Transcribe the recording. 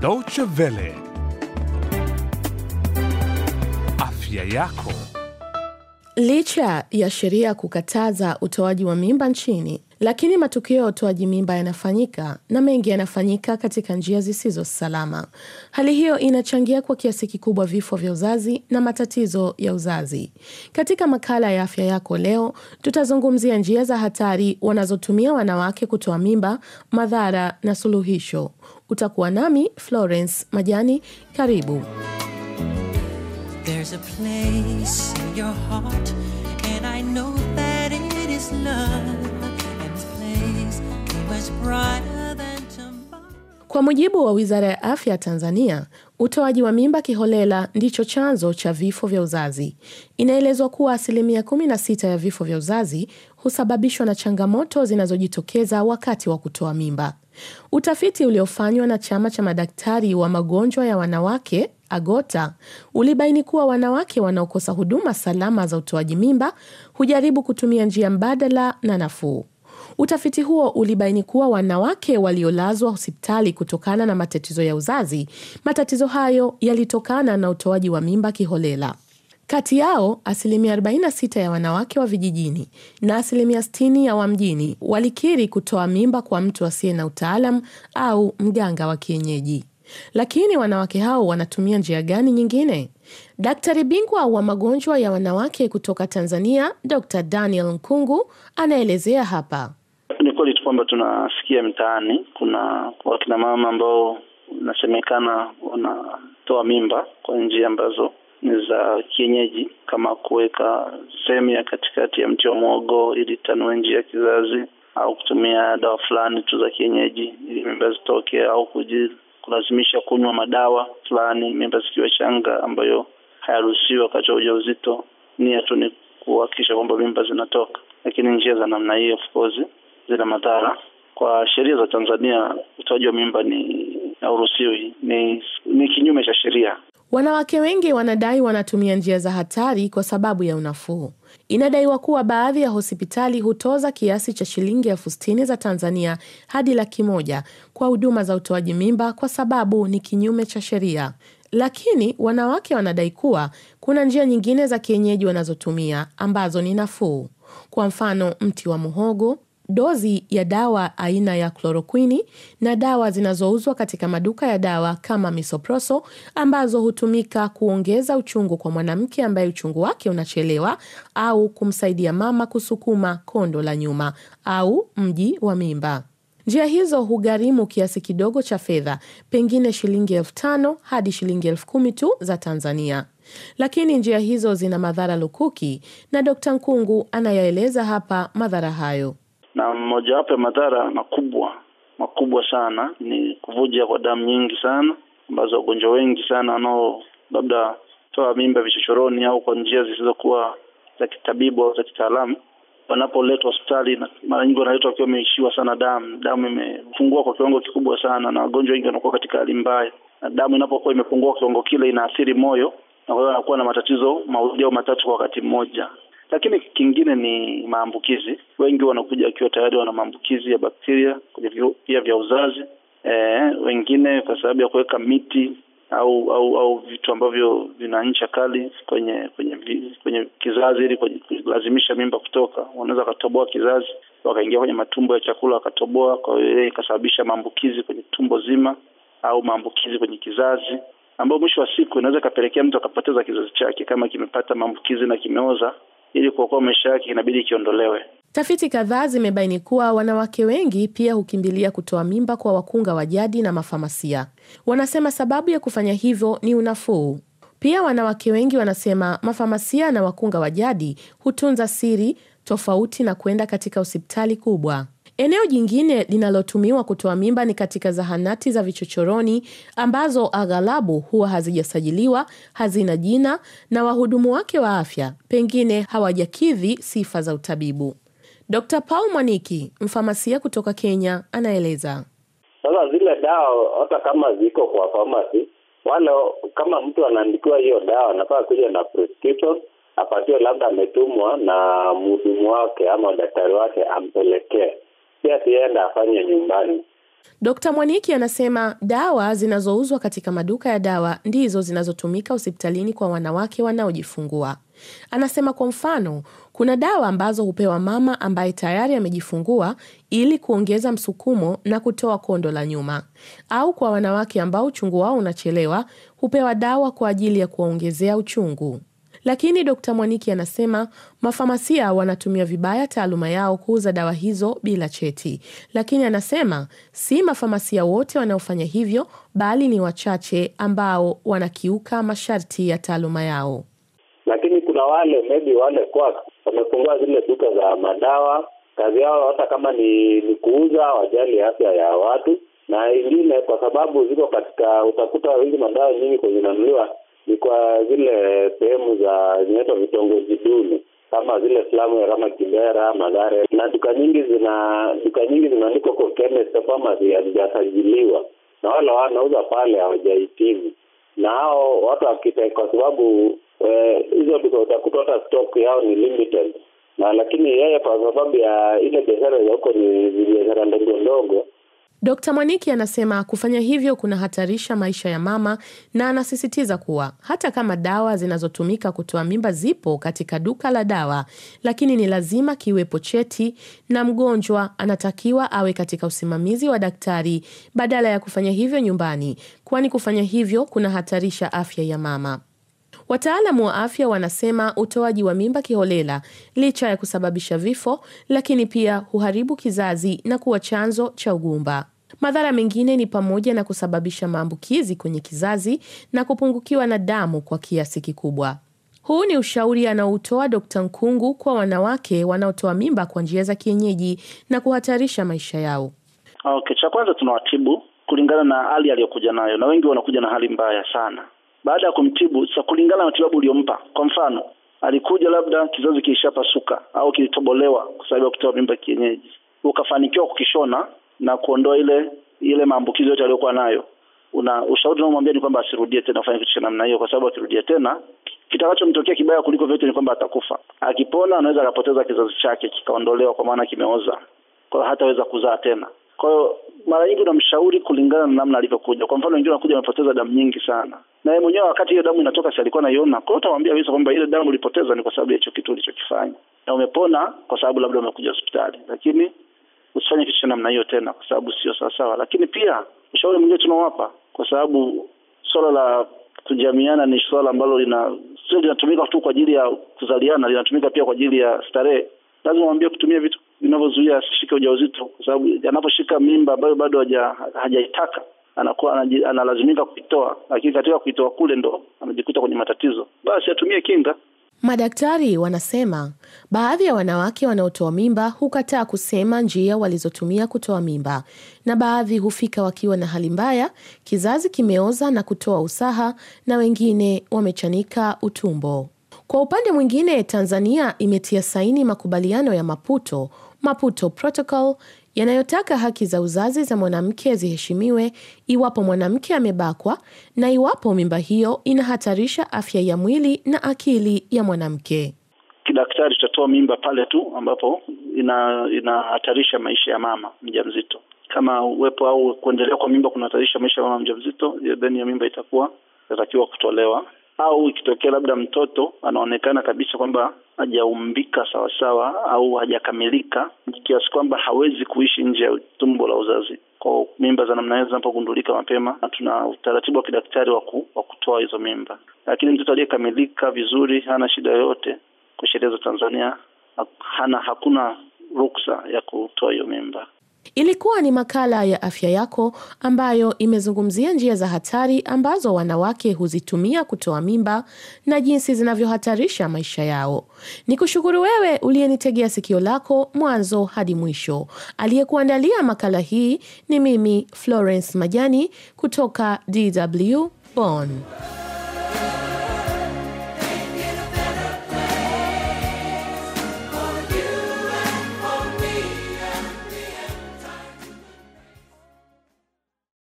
Deutsche Welle. Afya yako. Licha ya sheria kukataza utoaji wa mimba nchini, lakini matukio ya utoaji mimba yanafanyika na mengi yanafanyika katika njia zisizo salama. Hali hiyo inachangia kwa kiasi kikubwa vifo vya uzazi na matatizo ya uzazi. Katika makala ya afya yako leo, tutazungumzia njia za hatari wanazotumia wanawake kutoa mimba, madhara na suluhisho. Utakuwa nami Florence Majani, karibu. Kwa mujibu wa Wizara ya Afya ya Tanzania, utoaji wa mimba kiholela ndicho chanzo cha vifo vya uzazi. Inaelezwa kuwa asilimia 16 ya vifo vya uzazi husababishwa na changamoto zinazojitokeza wakati wa kutoa mimba. Utafiti uliofanywa na chama cha madaktari wa magonjwa ya wanawake AGOTA ulibaini kuwa wanawake wanaokosa huduma salama za utoaji mimba hujaribu kutumia njia mbadala na nafuu. Utafiti huo ulibaini kuwa wanawake waliolazwa hospitali kutokana na matatizo ya uzazi, matatizo hayo yalitokana na utoaji wa mimba kiholela. Kati yao asilimia 46 ya wanawake wa vijijini na asilimia 60 ya wa mjini walikiri kutoa mimba kwa mtu asiye na utaalam au mganga wa kienyeji. Lakini wanawake hao wanatumia njia gani nyingine? Daktari bingwa wa magonjwa ya wanawake kutoka Tanzania, Dr Daniel Nkungu, anaelezea hapa. Ni kweli tu kwamba tunasikia mtaani kuna wakinamama ambao inasemekana wanatoa mimba kwa njia ambazo ni za kienyeji kama kuweka sehemu ya katikati ya mti wa mwogo ili tanue njia ya kizazi au kutumia dawa fulani tu za kienyeji ili mimba zitoke au kuji kulazimisha kunywa madawa fulani mimba zikiwa changa ambayo hayaruhusiwi wakati wa ujauzito. Nia tu ni kuhakikisha kwamba mimba zinatoka, lakini njia za namna hii of course zina madhara. Kwa sheria za Tanzania utoaji wa mimba ni hauruhusiwi, ni, ni kinyume cha sheria. Wanawake wengi wanadai wanatumia njia za hatari kwa sababu ya unafuu. Inadaiwa kuwa baadhi ya hospitali hutoza kiasi cha shilingi elfu sitini za Tanzania hadi laki moja kwa huduma za utoaji mimba kwa sababu ni kinyume cha sheria. Lakini wanawake wanadai kuwa kuna njia nyingine za kienyeji wanazotumia ambazo ni nafuu. Kwa mfano, mti wa muhogo, dozi ya dawa aina ya klorokwini na dawa zinazouzwa katika maduka ya dawa kama misoproso ambazo hutumika kuongeza uchungu kwa mwanamke ambaye uchungu wake unachelewa au kumsaidia mama kusukuma kondo la nyuma au mji wa mimba. Njia hizo hugharimu kiasi kidogo cha fedha, pengine shilingi elfu tano hadi shilingi elfu kumi tu za Tanzania. Lakini njia hizo zina madhara lukuki, na Dkt. Nkungu anayaeleza hapa madhara hayo na mmojawapo ya madhara makubwa makubwa sana ni kuvuja kwa damu nyingi sana ambazo wagonjwa wengi sana wanao labda toa mimba vichochoroni au kwa njia zisizokuwa za kitabibu au za kitaalamu wanapoletwa hospitali mara nyingi wanaletwa wakiwa wameishiwa sana damu damu imepungua kwa kiwango kikubwa sana na wagonjwa wengi wanakuwa katika hali mbaya na damu inapokuwa imepungua kiwango kile inaathiri moyo na kwa hiyo wanakuwa na matatizo mawili au matatu kwa wakati mmoja lakini kingine ni maambukizi. Wengi wanakuja wakiwa tayari wana maambukizi ya bakteria pia vya uzazi e, wengine kwa sababu ya kuweka miti au au au vitu ambavyo vina ncha kali kwenye kwenye kwenye kizazi ili kulazimisha mimba kutoka, wanaweza wakatoboa kizazi wakaingia kwenye matumbo ya chakula wakatoboa, kwa hiyo ikasababisha maambukizi kwenye tumbo zima au maambukizi kwenye kizazi, ambayo mwisho wa siku inaweza ikapelekea mtu akapoteza kizazi chake kama kimepata maambukizi na kimeoza ili kuokoa maisha yake inabidi ikiondolewe. Tafiti kadhaa zimebaini kuwa wanawake wengi pia hukimbilia kutoa mimba kwa wakunga wa jadi na mafamasia. Wanasema sababu ya kufanya hivyo ni unafuu. Pia wanawake wengi wanasema mafamasia na wakunga wa jadi hutunza siri tofauti na kwenda katika hospitali kubwa. Eneo jingine linalotumiwa kutoa mimba ni katika zahanati za vichochoroni ambazo aghalabu huwa hazijasajiliwa, hazina jina na wahudumu wake wa afya pengine hawajakidhi sifa za utabibu. d Paul Mwaniki, mfamasia kutoka Kenya, anaeleza. Sasa zile dawa hata kama ziko kwa famasi, wale kama mtu anaandikiwa hiyo dawa anafaa kuja na prescription apatiwe, labda ametumwa na mhudumu wake ama daktari wake ampelekee si asienda afanye nyumbani. Dkt Mwaniki anasema dawa zinazouzwa katika maduka ya dawa ndizo zinazotumika hospitalini kwa wanawake wanaojifungua. Anasema kwa mfano, kuna dawa ambazo hupewa mama ambaye tayari amejifungua ili kuongeza msukumo na kutoa kondo la nyuma, au kwa wanawake ambao uchungu wao unachelewa, hupewa dawa kwa ajili ya kuwaongezea uchungu. Lakini Dkt. Mwaniki anasema mafamasia wanatumia vibaya taaluma yao kuuza dawa hizo bila cheti, lakini anasema si mafamasia wote wanaofanya hivyo, bali ni wachache ambao wanakiuka masharti ya taaluma yao. Lakini kuna wale maybe wale kwa wamefungua zile duka za madawa, kazi yao hata kama ni, ni kuuza, wajali afya ya watu na ingine, kwa sababu ziko katika, utakuta hizi madawa nyingi zinanunuliwa ni kwa zile sehemu za zinaitwa vitongoji duni kama zile slamu kama Kibera, madhare na duka nyingi zina duka nyingi zinaandikwa kwa chemist pharmacy, hazijasajiliwa na wala wanauza pale hawajahitimu, na hao watu wakita, kwa sababu eh, hizo eh, duka utakuta hata stock yao ni limited, na lakini yeye kwa sababu ya ile biashara za huko ni biashara ndogo ndogo Dkt Mwaniki anasema kufanya hivyo kunahatarisha maisha ya mama na anasisitiza kuwa hata kama dawa zinazotumika kutoa mimba zipo katika duka la dawa, lakini ni lazima kiwepo cheti na mgonjwa anatakiwa awe katika usimamizi wa daktari badala ya kufanya hivyo nyumbani, kwani kufanya hivyo kunahatarisha afya ya mama. Wataalamu wa afya wanasema utoaji wa mimba kiholela, licha ya kusababisha vifo, lakini pia huharibu kizazi na kuwa chanzo cha ugumba. Madhara mengine ni pamoja na kusababisha maambukizi kwenye kizazi na kupungukiwa na damu kwa kiasi kikubwa. Huu ni ushauri anaoutoa Dkt. Nkungu kwa wanawake wanaotoa mimba kwa njia za kienyeji na kuhatarisha maisha yao. Okay, cha kwanza tunawatibu kulingana na hali aliyokuja nayo, na wengi wanakuja na hali mbaya sana baada ya kumtibu sasa, kulingana na matibabu uliyompa. Kwa mfano, alikuja labda kizazi kilishapasuka au kilitobolewa kwa sababu ya kutoa mimba kienyeji, ukafanikiwa kukishona na kuondoa ile ile maambukizi yote aliyokuwa nayo, una ushauri unaomwambia ni kwamba asirudie tena afanye kitu cha namna hiyo, kwa sababu akirudia tena kitakachomtokea kibaya kuliko vyote ni kwamba atakufa. Akipona anaweza akapoteza kizazi chake, kikaondolewa kwa maana kimeoza, kwa hataweza kuzaa tena. Kwa hiyo mara nyingi unamshauri kulingana na namna alivyokuja. Kwa mfano, wengine wanakuja wamepoteza damu nyingi sana, na yeye mwenyewe wakati hiyo damu inatoka si alikuwa anaiona. Kwa hiyo utamwambia kabisa kwamba ile damu ulipoteza ni kwa sababu ya hicho kitu ulichokifanya, na umepona kwa sababu labda umekuja hospitali, lakini usifanye kitu cha namna hiyo tena, kwa sababu sio sawasawa. Lakini pia ushauri mwingine tunawapa, kwa sababu swala la kujamiana ni swala ambalo lina sio linatumika tu kwa ajili ya kuzaliana, linatumika pia kwa ajili ya starehe. Lazima waambie kutumia vitu vinavyozuia asishike ujauzito, kwa sababu anaposhika mimba ambayo bado hajaitaka anakuwa analazimika kuitoa, lakini katika kuitoa kule ndo anajikuta kwenye matatizo, basi atumie kinga. Madaktari wanasema baadhi ya wanawake wanaotoa mimba hukataa kusema njia walizotumia kutoa mimba, na baadhi hufika wakiwa na hali mbaya, kizazi kimeoza na kutoa usaha, na wengine wamechanika utumbo. Kwa upande mwingine, Tanzania imetia saini makubaliano ya Maputo Maputo Protocol yanayotaka haki za uzazi za mwanamke ziheshimiwe iwapo mwanamke amebakwa na iwapo mimba hiyo inahatarisha afya ya mwili na akili ya mwanamke. Kidaktari, tutatoa mimba pale tu ambapo ina inahatarisha maisha ya mama mjamzito. Kama uwepo au kuendelea kwa mimba kunahatarisha maisha ya mama mjamzito, then hiyo mimba itakuwa inatakiwa kutolewa au ikitokea labda mtoto anaonekana kabisa kwamba hajaumbika sawasawa au hajakamilika kiasi kwamba hawezi kuishi nje ya tumbo la uzazi kwa mimba za namna hiyo zinapogundulika mapema, tuna utaratibu wa kidaktari wa wa kutoa hizo mimba. Lakini mtoto aliyekamilika vizuri, hana shida yoyote, kwa sheria za Tanzania hana hakuna ruksa ya kutoa hiyo mimba. Ilikuwa ni makala ya afya yako ambayo imezungumzia njia za hatari ambazo wanawake huzitumia kutoa mimba na jinsi zinavyohatarisha maisha yao. Ni kushukuru wewe uliyenitegea sikio lako mwanzo hadi mwisho. Aliyekuandalia makala hii ni mimi Florence Majani kutoka DW Bonn.